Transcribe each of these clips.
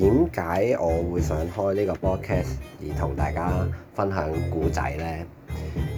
點解我會想開呢個 podcast 而同大家分享故仔呢？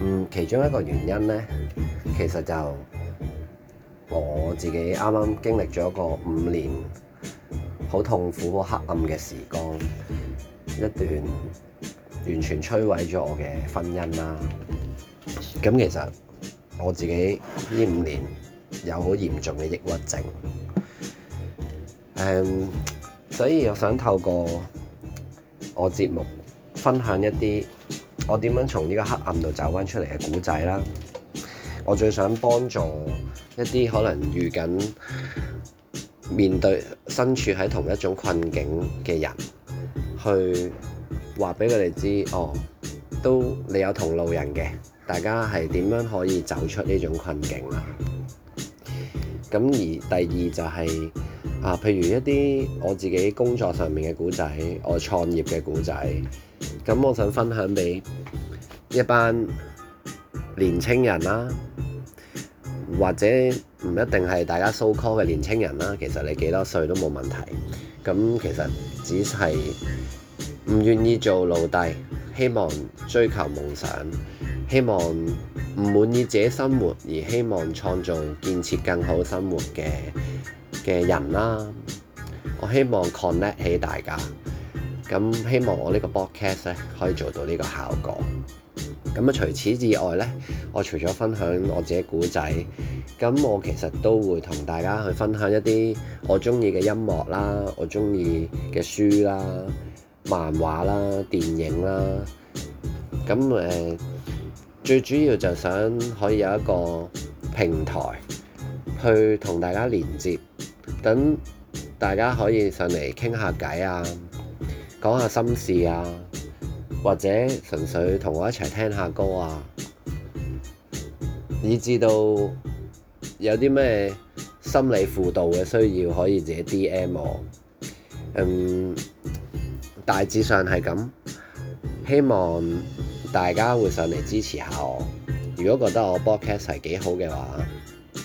嗯，其中一個原因呢，其實就我自己啱啱經歷咗一個五年好痛苦、好黑暗嘅時光，一段完全摧毀咗我嘅婚姻啦、啊。咁其實我自己呢五年有好嚴重嘅抑鬱症，um, 所以我想透過我節目分享一啲我點樣從呢個黑暗度走返出嚟嘅故仔啦。我最想幫助一啲可能遇緊面對、身處喺同一種困境嘅人，去話俾佢哋知，哦，都你有同路人嘅，大家係點樣可以走出呢種困境啊。咁而第二就係、是。啊，譬如一啲我自己工作上面嘅故仔，我創業嘅故仔，咁我想分享俾一班年青人啦，或者唔一定係大家 so call 嘅年青人啦，其實你幾多歲都冇問題。咁其實只係唔願意做奴隸，希望追求夢想，希望唔滿意自己生活而希望創造建設更好生活嘅嘅人啦，啊，我希望 connect 起大家，咁希望我呢個 podcast 咧可以做到呢個效果。咁啊，除此之外咧，我除咗分享我自己古仔，咁我其實都會同大家去分享一啲我中意嘅音樂啦、我中意嘅書啦、漫畫啦、電影啦。咁誒、呃、最主要就想可以有一個平台去同大家連接。等大家可以上嚟傾下偈啊，講下心事啊，或者純粹同我一齊聽下歌啊，以至到有啲咩心理輔導嘅需要，可以自己 DM 我。嗯，大致上係咁，希望大家會上嚟支持下我。如果覺得我 broadcast 係幾好嘅話，